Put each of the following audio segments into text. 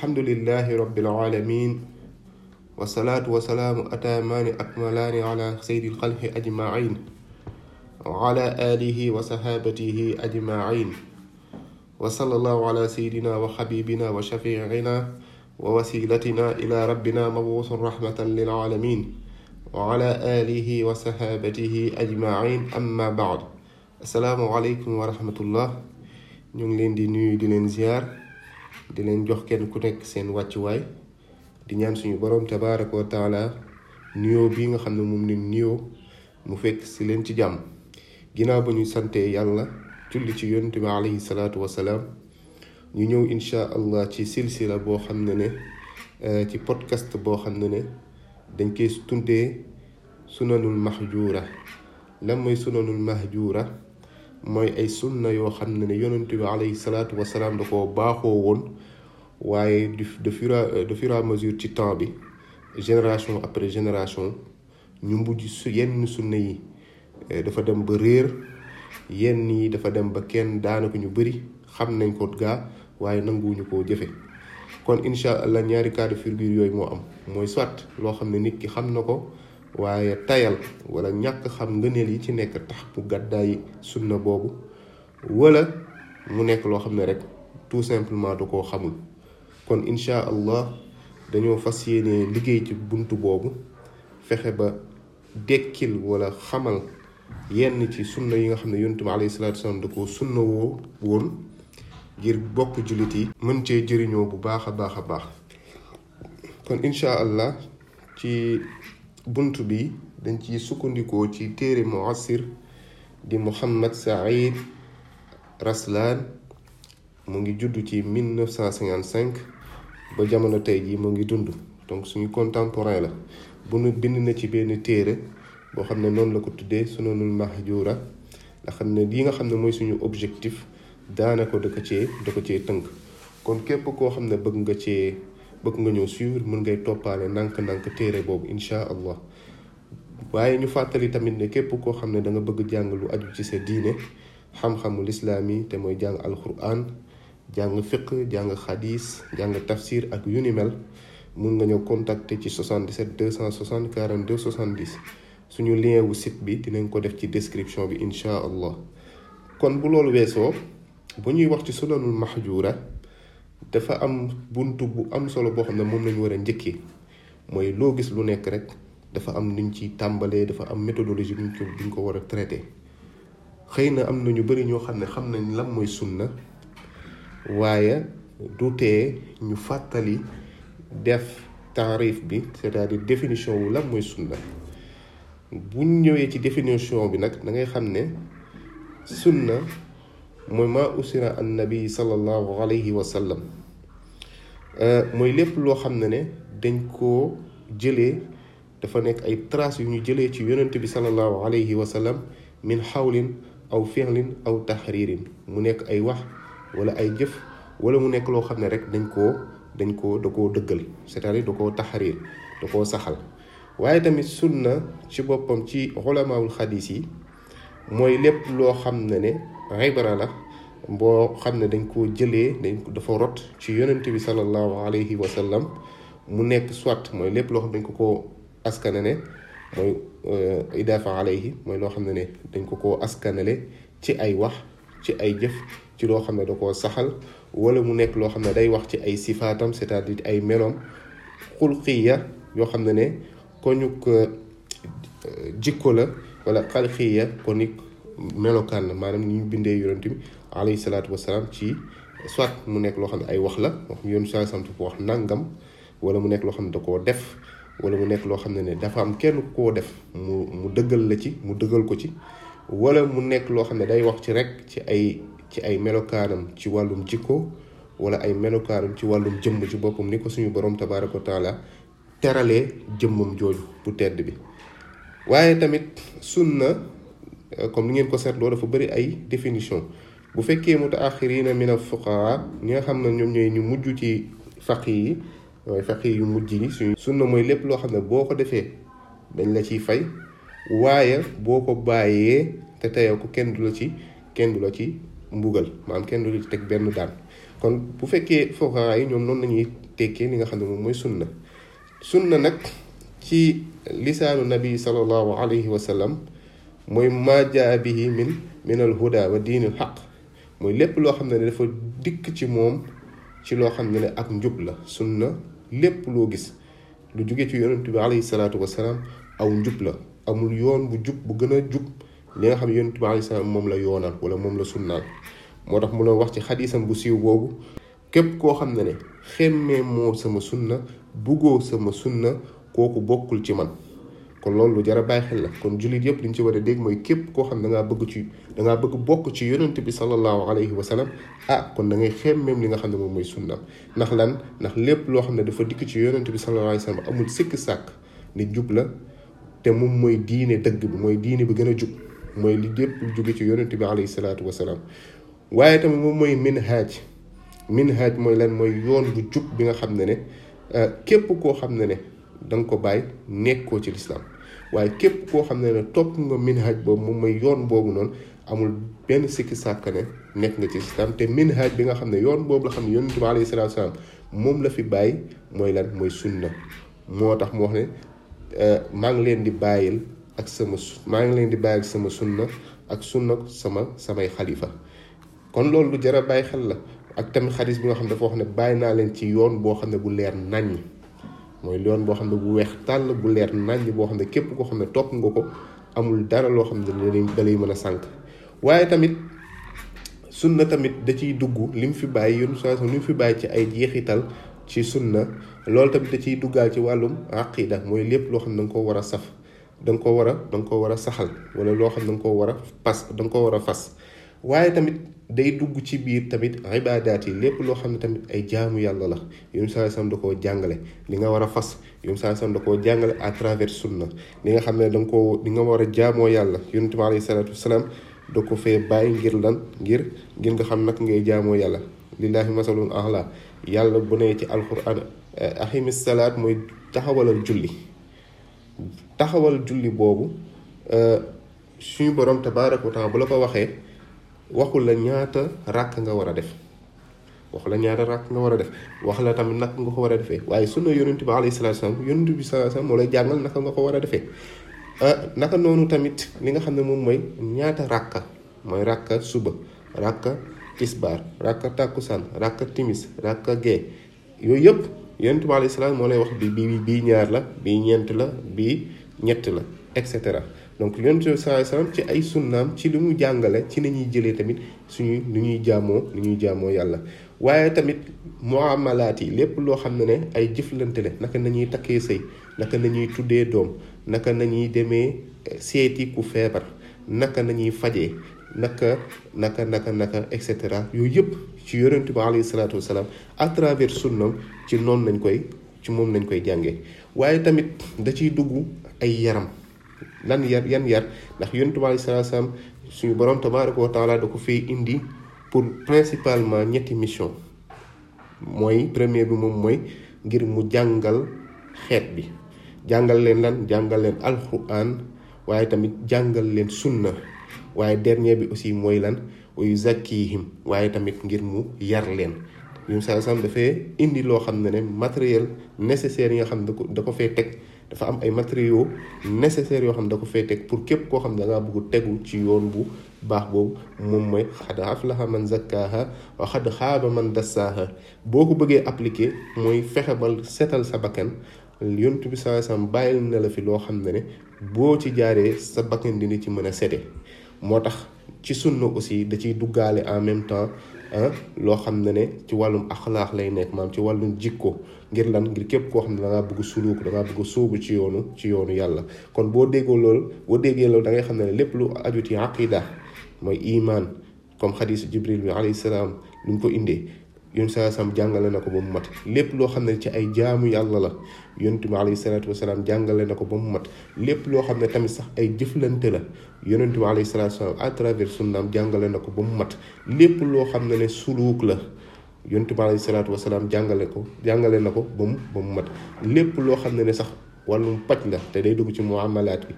alhamdulillahi rabbil alamin wasalaatu wasalaamu ataamaani akmalaani ala sayyidil xalqi ajmain wa ala alihi wa sahaabatihi ajmain wa sallallahu ala sayyidina wa xabibina wa shafiicina wa wasilatina ila rabbina mabuusu rahmatan lil alamin wa ala alihi wa sahaabatihi ajmain amma baad asalaamu aleykum wa rahmatullah ñu ngi leen di nuyu di leen ziar di leen jox kenn ku nekk seen wàccuwaay di ñaan suñu borom tabaaraka wa taala nuyoo bii nga xam ne moom ne nuyoo mu fekk si leen ci jàmm ginnaaw ba ñuy sante yàlla julli ci yonent bi alayhi salaatu wasalaam ñu ñëw insha allah ci silsila boo xam ne ne eh, ci podcast boo xam ne ne dañ koy tuddee sunanul mahjura lan mooy sunanul mahjura mooy ay sunna yoo xam ne ne yonent bi alayhi salaatu wasalaam da ko baaxoo woon waaye du de fur et de fur mesure ci temps bi génération après génération ñu mujj su yenn sunna yi eh, dafa dem ba réer yenn yi dafa dem ba kenn daanaka ñu bëri xam nañ ko gaa waaye nangu nanguwuñu koo jëfe kon incha allah ñaari cas de figure yooyu moo am mooy soit loo xam ne nit ki xam na ko waaye tayal wala ñàkk xam ngëneel yi ci nekk tax bu gàddaay sunna boobu wala mu nekk loo xam ne rek tout simplement du ko xamul kon incha allah dañoo fas yéene liggéey ci bunt boobu fexe ba dekkil wala xamal yenn ci sunna yi nga xam ne yonent bi alayhi salaatu du da koo sunna woo woon ngir bokk jullit yi mën cee jëriñoo bu baax a baax a baax kon incha allah ci bunt bi dañ ci sukkandikoo ci téere mu muasir di Muhammad Saïd Raslan mu ngi juddu ci 1955 ba jamono tey jii mu ngi dund donc suñu contemporain la bu nu bind na ci benn téere boo xam ne noonu la ko tuddee sunanul mahjura nga xam ne lii nga xam ne mooy suñu objectif daanaka da ko cee ci ko cee tënk kon képp koo xam ne bëgg nga ci bëgg nga ñëw suivre mën ngay toppaale nànk-nànk téere boobu incha allah waaye ñu fàttali tamit ne képp koo xam ne da nga bëgg jàng lu aju ci sa diine xam-xamul islaam yi te mooy jàng alquran jàng fiq jàng xadis jàng tafsir ak yu ni mel mun nga ñëw contacter ci 77 260 42 70 suñu lien wu site bi dinañ ko def ci description bi incha allah kon bu loolu weesoo bu ñuy wax ci sunanul mahjura dafa am buntu bu am solo boo xam ne moom lañu war a njëkkee mooy loo gis lu nekk rek dafa am nuñ ci tàmbalee dafa am méthodologie buñ ko buñ ko war a traité xëy na am na ñu bari ñoo xam ne xam nañ lan mooy sunna waaye du ñu fàttali def tarif bi c'est-à-dire définition wu lan mooy sunna bu ñëwee ci définition bi nag da ngay xam ne sunna mooy maa usira an nabi sallallahu alayhi wa sallam Euh, mooy lépp loo xam ne ne dañ koo jëlee dafa nekk ay traces yu ñu jëlee ci yonent bi sallallahu alayhi wa sallam min xawlin aw fi'lin aw taxriirin mu nekk ay wax wala ay jëf wala mu nekk loo xam ne rek dañ koo dañ koo da koo dëggal c'est-à-dire da koo taxriir da saxal waaye tamit sunna ci boppam ci ulamaawul xadiis yi mooy lépp loo xam ne ne ribara la boo xam ne dañ koo jëlee dañ ko dafa rot ci yonent bi sallallahu alayhi wa sallam mu nekk soit mooy lépp loo xam dañ ko koo askanale mooy euh, idaafa alayhi mooy loo xam ne ne dañ ko koo askanale ci ay wax ci ay jëf ci loo xam ne da koo saxal wala mu nekk loo xam ne day wax ci ay sifaatam c'est-à-dire ay meloom xulqiya yoo xam ne ne koñuk euh, jikko la wala xalqiya konik melokaan la maanaam ni ñu bindee yonent bi alayhi salaatu wasalaam ci soit mu nekk loo xam ne ay wax la wax yoon saa sant ko wax nangam wala mu nekk loo xam ne da koo def wala mu nekk loo xam ne ne dafa am kenn koo def mu mu dëggal la ci mu dëggal ko ci walla mu nekk loo xam ne day wax ci rek ci ay ci ay melokaanam ci wàllum jikko wala ay melokaanam ci wàllum jëmm ci boppam ni ko suñu borom tabaaraka wa taala teralee jëmmam jooju bu tedd bi waaye tamit sunna Euh, comme ni ngeen ko seetloo dafa bëri ay définition bu fekkee na mi na fuqaraa ñi nga xam ne ñoom ñooy ñu mujj ci faqi yi mooy faqi yu mujj yi suñu sunna mooy lépp loo xam ne boo ko defee dañ la ciy fay waaye boo ko bàyyee te teyoo ko kenn du la ci kenn du la ci mbugal maanaam kenn du la ci teg benn daan kon bu fekkee fuqaraa yi ñoom noonu lañuy tekkee li nga xam ne moom mooy sunna sunna nag ci lisaanu nabi sallallahu alayhi wa sallam mooy maa jaa bihi min min al huda wa diinil xaq mooy lépp loo xam ne dafa dikk ci moom ci loo xam ne ne ak njub la sunna lépp loo gis lu jóge ci yonent bi alayhi salaatu wasalaam aw njub la amul yoon bu jub bu gën a jub li nga xam ne yonent bi alayhi salaam moom la yoonal wala moom la sunnaal moo tax mu doon wax ci xadiisam bu siiw boobu képp koo xam ne ne xemmee moo sama sunna buggoo sama sunna kooku bokkul ci man kon loolu lu jar a bàyyi xel la kon jullit yëpp li ñu ci war a dégg mooy képp koo xam da ngaa bëgg ci da bëgg bokk ci yonent bi sallallahu alayhi wa sallam ah kon da ngay xem même li nga xam ne moom mooy sunna ndax lan ndax lépp loo xam ne dafa dikk ci yonent bi sallallahu alayhi wa sallam amul sikk sàkk te moom mooy diine dëgg bi mooy diine bi gën a jub mooy li lépp lu jóge ci yonent bi alayhi salaatu wa salaam waaye tamit moom mooy minhaj minhaj mooy lan mooy yoon bu jub bi nga xam ne ne ah, képp koo xam ne ne da nga ko bàyyi nekkoo ci lislaam waaye képp koo xam ne ne topp nga minhaj boobu moom mooy yoon boobu noonu amul benn sikki sàkka ne nekk nga ci islam te minhaj bi nga xam ne yoon boobu la xam ne yonent bi alayhi salaatu salaam moom la fi bàyyi mooy lan mooy sunna moo tax mu wax ne euh, maa ngi leen di bàyyil ak sama maa ngi leen di bàyyil sama sunna ak sunna sama samay xalifa kon loolu lu jar a bàyyi xel la ak tamit xadis bi nga xam ne dafa wax ne bàyyi naa leen ci yoon boo xam ne bu leer naññ mooy yoon boo xam ne bu weex tàll bu leer naññ boo xam ne képp koo xam ne topp nga ko amul dara loo xam ne da lay mën a sànq waaye tamit sun na tamit da ciy dugg li mu fi bàyyi yoon saa li mu fi bàyyi ci ay jeexital ci sun na loolu tamit da ciy duggaal ci wàllum aqida mooy lépp loo xam ne da nga koo war a saf da nga koo war a da koo war a saxal wala loo xam ne da nga koo war a pas da nga koo war a fas waaye tamit day dugg ci biir tamit ibaadaat yi lépp loo xam ne tamit ay jaamu yàlla la yom saa sam da koo jàngale li nga war a fas yom saa sam da koo jàngale à travers sunna li nga xam ne da nga koo li nga war a jaamoo yàlla yonent bi alayhi salaatu wasalaam ko fee bàyyi ngir lan ngir ngir nga xam nag ngay jaamoo yàlla lillaahi masalun ahla yàlla bu ne ci alquran ahimi salaat mooy taxawalal julli taxawal julli boobu euh, suñu borom tabaaraka wa taala bu la ko waxee waxul la ñaata ràkk nga war a def wax la ñaata ràkk nga war a def wax la tamit naka nga ko war a defe waaye sunna yonent bi alayhi salaatu salaam yonent bi salaatu salaam moo lay jàngal naka nga ko war a defee ah, naka noonu tamit li nga xam ne moom mooy ñaata ràkk mooy ràkka suba ràkk tisbaar ràkka tàkkusaan ràkka timis ràkka gee yooyu yëpp yonent bi alayhi salaam moo lay wax bi bi bii ñaar la bii ñeent la bii ñett la et cetera donc yonent bi ci ay sunnaam ci li mu jàngale ci nañuy jëlee tamit suñuy nu ñuy jàmmoo nu ñuy jàmmoo yàlla waaye tamit muamalaat yi lépp loo xam ne ne ay jëflante la naka nañuy takkee sëy naka nañuy tuddee doom naka nañuy demee eh, seeti ku feebar naka nañuy fajee naka naka naka et cetera yooyu yëpp ci yonent bi alayhi salaatu wasalaam à travers sunnam ci noonu lañ koy ci moom lañ koy jàngee waaye tamit da ciy dugg ay yaram lan yar yan yar ndax yonent bi alayhi salaatu suñu borom tabaaraka koo taala da ko fee indi pour principalement ñetti mission mooy premier bi moom mooy ngir mu jàngal xeet bi jàngal leen lan jàngal leen alquran waaye tamit jàngal leen sunna waaye dernier bi aussi mooy lan wa yuzakkihim waaye tamit ngir mu yar leen yonent bi salaam dafay indi loo xam ne ne matériel nécessaire yi nga xam ne da ko da ko fee teg dafa am ay matériaux nécessaires yoo xam ne da ko fee teg pour képp koo xam ne da ngaa bëgg tegu ci yoon bu baax boobu moom mooy xad aflaha man zakkaaha wa xad xaaba man dassaaha boo ko bëggee appliquer mooy fexe ba setal sa bakkan yontu bi saa sam bàyyil na la fi loo xam ne ne boo ci jaaree sa bakkan dina ci mën a sete moo tax ci sunna aussi da ciy duggaale en même temps loo xam ne ne ci wàllum axlaax lay nekk maam ci wàllum jikko ngir lan ngir képp koo xam ne da ngaa bëgg suluuk da ngaa bëgg sóobu ci yoonu ci yoonu yàlla kon boo déggoo boo déggee loolu da xam ne lépp lu aju ci aqida mooy iman comme xadisu jibril bi alayhi salaam lu ñu ko indee yonent saa sam jàngale na ko ba mu mat lépp loo xam ne ci ay jaamu yàlla la yonent bi alayhi salaatu wasalaam jàngale na ko ba mu mat lépp loo xam ne tamit sax ay jëflante la yonent bi alayhi salaatu wasalaam à travers sunnaam jàngale na ko ba mu mat lépp loo xam ne ne suluuk la yonent bi alayhi salaatu wasalaam jàngale ko jàngale na ko ba mu ba mu mat lépp loo xam ne ne sax wàllum paj la te day dugg ci muamalaat bi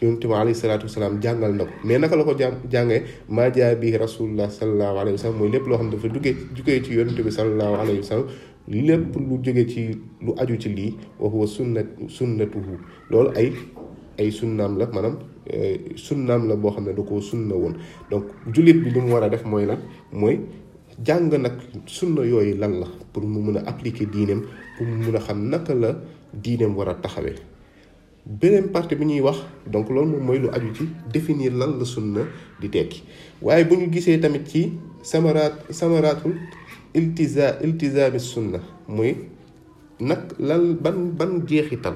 yonent bi alayhi salaatu wasalaam jàngal na ko mais naka la ko jà jàngee maa jaa bi rasulullah sallallahu alayhi wa sallam mooy lépp loo xam ne dafa duggee jugee ci yonent bi sallallahu alayhi wa sallam lépp lu jóge ci lu aju ci lii wa huwa sunnat sunnatuhu loolu ay ay sunnaam la maanaam eh, sunnaam la boo xam ne da koo sunna woon donc jullit bi li mu war a def mooy nag mooy jàng nag sunna yooyu lan la pour mu mun a appliquer diineem pour mu mun a xam naka la diineem war a taxawee beneen partie bi ñuy wax donc loolu moom mooy lu aju ci définir lan la sunna di tekki waaye bu ñu gisee tamit ci samaraat samaraatul iltiza iltizaami sunna muy nag lan ban ban jeexital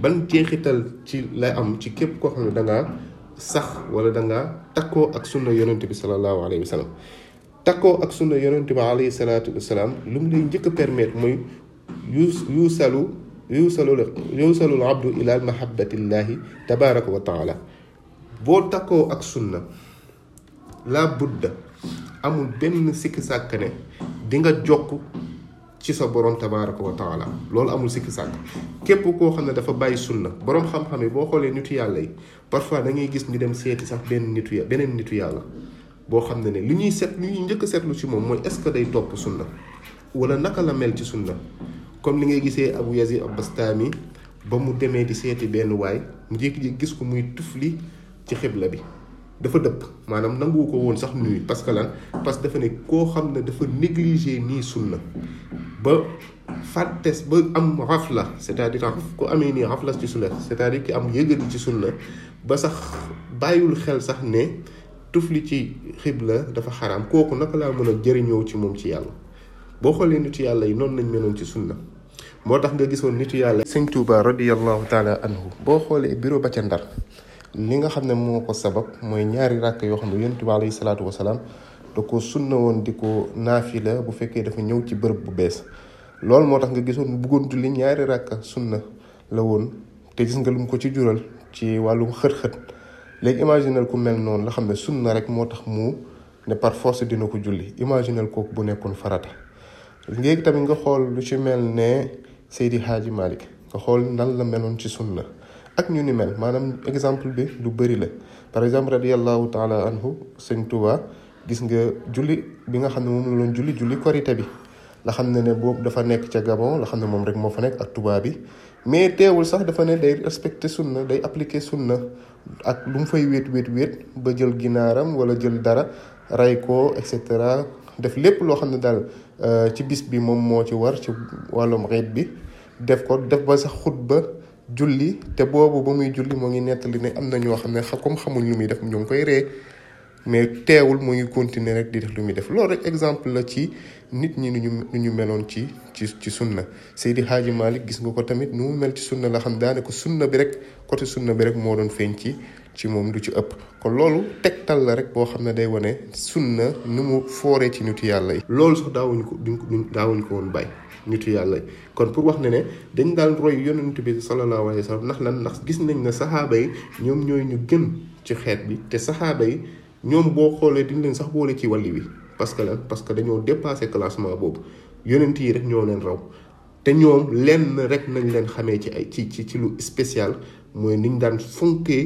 ban jeexital ci lay am ci képp ko xam ne da sax wala da ngaa takkoo ak sunna yonente bi sallallahu alayhi wa takkoo ak sunna yeneen bi alayhi salaatu wasalaam lu mu lay njëkk a permettre mooy yuus yuusalu yuusalul yuusalul abdu ila mahabbatillahi tabaraka wa taala boo takkoo ak sunna la budda amul benn sikki sàkk ne di nga jokk ci sa borom tabaraka wa taala loolu amul sikki sàkk képp koo xam ne dafa bàyyi sunna borom xam-xam yi boo xoolee nitu yàlla yi parfois da gis ñu dem seeti sax benn nitu beneen nitu yàlla boo xam ne ne li ñuy seet li ñuy njëkk a seetlu ci moom mooy est-ce que day topp sunna wala naka la mel ci la comme li ngay gisee Abu Yazid Abastami ba mu demee di seeti benn waay mu ji gis ko muy tufli ci xibla bi dafa dëpp maanaam nanguwu ko woon sax nuyu parce que lan parce que dafa ne koo xam ne dafa négligé nii sunna ba fàttes ba am rafla la à dire raf ko amee nii rafla ci sunna cest à ki am yëgadi ci sunna ba sax bàyyiwul xel sax ne tufli ci xibla dafa xaraam kooku naka laa mën ci moom ci yàlla boo xoolee nitu yàlla yi noonu lañ meloon ci sunna moo tax nga gisoon nitu yàlla sëñ Tuuba radiallahu taala anhu boo xoolee bureau ba ndar li nga xam ne moo ko sabab mooy ñaari ràkk yoo xam ne yonent bi alayhi salaatu wasalaam da ko sunna woon di ko naafila bu fekkee dafa ñëw ci bërëb bu bees loolu moo tax nga gisoon buggoon julli ñaari ràkk sunna la woon te gis nga lu ko ci jural ci wàllu xët-xët léegi imaginel ku mel noonu la xam ne sunu na rek moo tax mu ne par force dina ko julli imaginel kooku bu nekkoon farata léegi tamit nga xool lu ci mel ne Seydi xaaji Malick nga xool nan la meloon ci sunna ak ñu ni mel maanaam exemple bi lu bëri la par exemple radiallahu taala anhu sëñ Touba gis nga julli bi nga xam ne moom la doon julli julli korité bi la xam ne ne boobu dafa nekk ca Gabon la xam ne moom rek moo fa nekk ak tubaab bi mais teewul sax dafa ne day respecté na day appliqué na ak lu mu fay wéet wéet wéet ba jël ginaaram wala jël dara ray ko cetera def lépp loo xam ne daal euh, ci bis bi moom moo ci war ci wàllum xeet bi def ko def ba sax xut xutba julli te boobu ba muy julli moo ngi nettali ne am na ñoo xam ne comme xamuñ lu muy def ñoo ngi koy ree mais teewul mu ngi continuer rek di def lu muy def loolu rek exemple la ci nit ñi nu ñu nu ñu meloon ci ci ci sunna Seydi Hadji Malick gis nga ko tamit nu mu mel ci sunna la xam daane ko sunna bi rek côté sunna bi rek moo doon feeñ ci ci moom du ci ëpp kon loolu tegtal la rek boo xam ne day wane sunna nu mu fooree ci nitu yàlla yi. loolu sax daawuñu ko duñ daawuñu ko woon bàyyi nitu yàlla yi kon pour wax ne ne dañ daan roy yonent bi sallallahu alayhi wa sallam ndax lan ndax gis nañ ne saxaaba yi ñoom ñooy ñu gën ci xeet bi te saxaaba yi. ñoom boo xoolee dañ leen sax boole ci wàlli wi parce que lan parce que dañoo dépassé classement boobu yonent yi rek ñoo leen raw te ñoom lenn rek nañ leen xamee ci ay ci ci ci lu spécial mooy niñ daan fonkee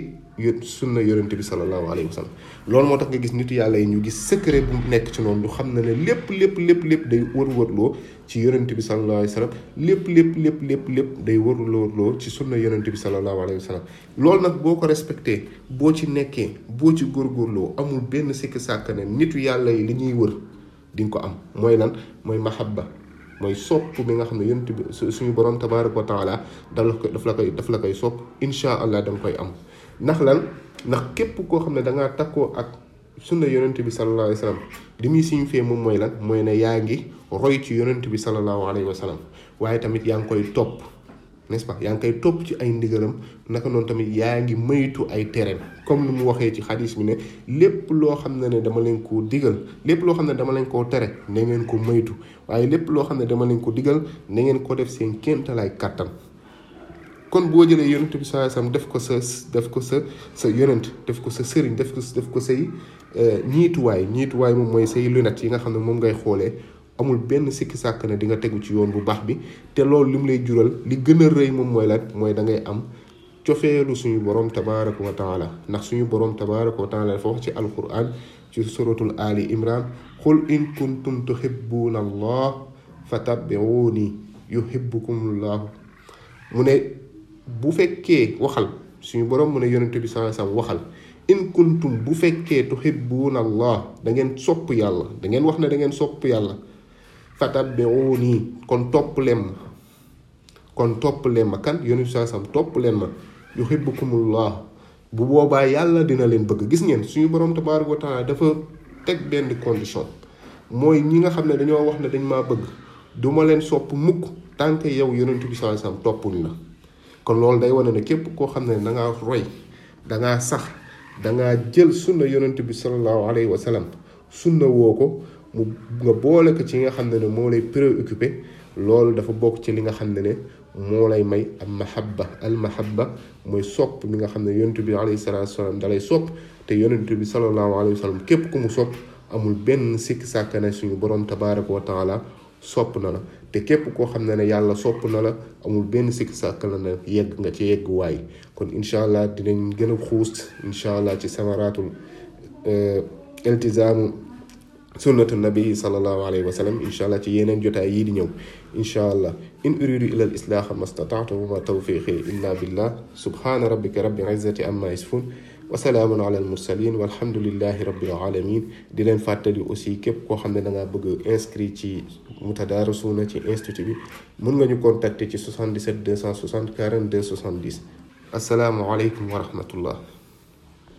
sunna yonente bi salallaahu alayhi wa sallam loolu moo tax nga gis nitu yàlla yi ñu gis secret bu nekk ci noonu ñu xam ne ne lépp lépp lépp lépp day wërwërloo ci yonente bi salallaahu alayhi wa lépp lépp lépp lépp lépp day wërwërloo ci sunna yonente bi salallaahu alayhi wa sallam loolu nag boo ko respecté boo ci nekkee boo ci góor góorloo amul benn sikk sàkk ne nitu yàlla yi li ñuy wër di ko am mooy lan mooy mahabba mooy sopp bi nga xam ne yonente bi suñu borom tabaaraka wa taala daf la koy daf la koy daf la koy sopp incha allah da koy am ndax lan ndax képp koo xam ne da ngaa takkoo ak sunna yonent bi sallallahu alayhi wa sallam li muy moom mooy lan mooy ne yaa ngi ci yonent bi sallallahu alayhi wa sallam waaye tamit yaa ngi koy topp n'est-ce yaa ngi koy topp ci ay ndigalam naka noonu tamit yaa ngi maytu ay tereem comme ni mu waxee ci xadis bi ne lépp loo xam ne ne dama leen koo digal lépp loo xam ne dama leen koo tere na ngeen ko maytu waaye lépp loo xam ne dama leen ko digal na ngeen ko def seen kéemtalaay kàttan kon boo jëlee yonent bi sallallahu alayhi def ko sa def ko sa sa yonent def ko sa sëriñ def ko def ko say euh, ñiituwaay ñiituwaay moom mooy say lunettes yi nga xam ne moom ngay xoolee amul benn sikki sàkk ne di nga tegu ci yoon bu baax bi te loolu li mu lay jural li gën a rëy moom mooy lan mooy dangay am cofeelu suñu borom tabaraka wa taala ndax suñu borom tabaraka wa taala dafa wax ci alquran ci suratul ali imran qul in kuntum tuhibbuna allah fattabi'uni yuhibbukum allah mu ne bu fekkee waxal suñu borom mu ne yonente bi sallallahu alayhi waxal in bu fekkee tuhibbuuna allah da ngeen sopp yàlla da ngeen wax ne dangeen sopp yàlla nii kon topp leen ma kon topp leen ma kan yonente bi topp leen ma yuhibbukumullah bu boobaa yàlla dina leen bëgg gis ngeen suñu borom tabaaraka wa taala dafa teg benn condition mooy ñi nga xam ne dañoo wax ne dañ maa bëgg duma leen sopp mukk tant yow yonente bi sallallahu alayhi la kon loolu day wane ne képp koo xam ne da ngaa roy da ngaa sax da ngaa jël sunna yonent bi sallallahu alayhi wa sallam sunna woo ko mu nga boole ko ci nga xam ne ne moo lay préoccupé loolu dafa bokk ci li nga xam ne ne moo lay may al mahabba al mahabba mooy sopp mi nga xam ne yonent bi alayhi salatu wasalaam dalay sopp te yonent bi sallallahu alayhi wa sallam képp ku mu sopp amul benn sikki sàkkane suñu borom tabaraka wa taala sopp na la te képp koo xam ne ne yàlla sopp na la amul benn sikk sàkk la na yegg nga ci yegg waay kon incha allah dinañ gën a xuus incha allah ci samaraatul euh, iltizaamu sunnatu nabi sallallahu alayhi wa sallam incha allah ci yeneen jotaay yii di ñëw incha allah in uridu ila al islaaha ma stataatu wa ma tawfiqi illa billah subhaana rabbika rabbil izzati amma yasifun wasalaamun ala al mursalin walhamdulillahi rabbil alamin di leen fàttali aussi képp koo xam ne da ngaa bëgg inscrit ci na ci institut bi mun nga ñu contacter ci 77 260 42 70 asalaamualeykum wa rahmatullah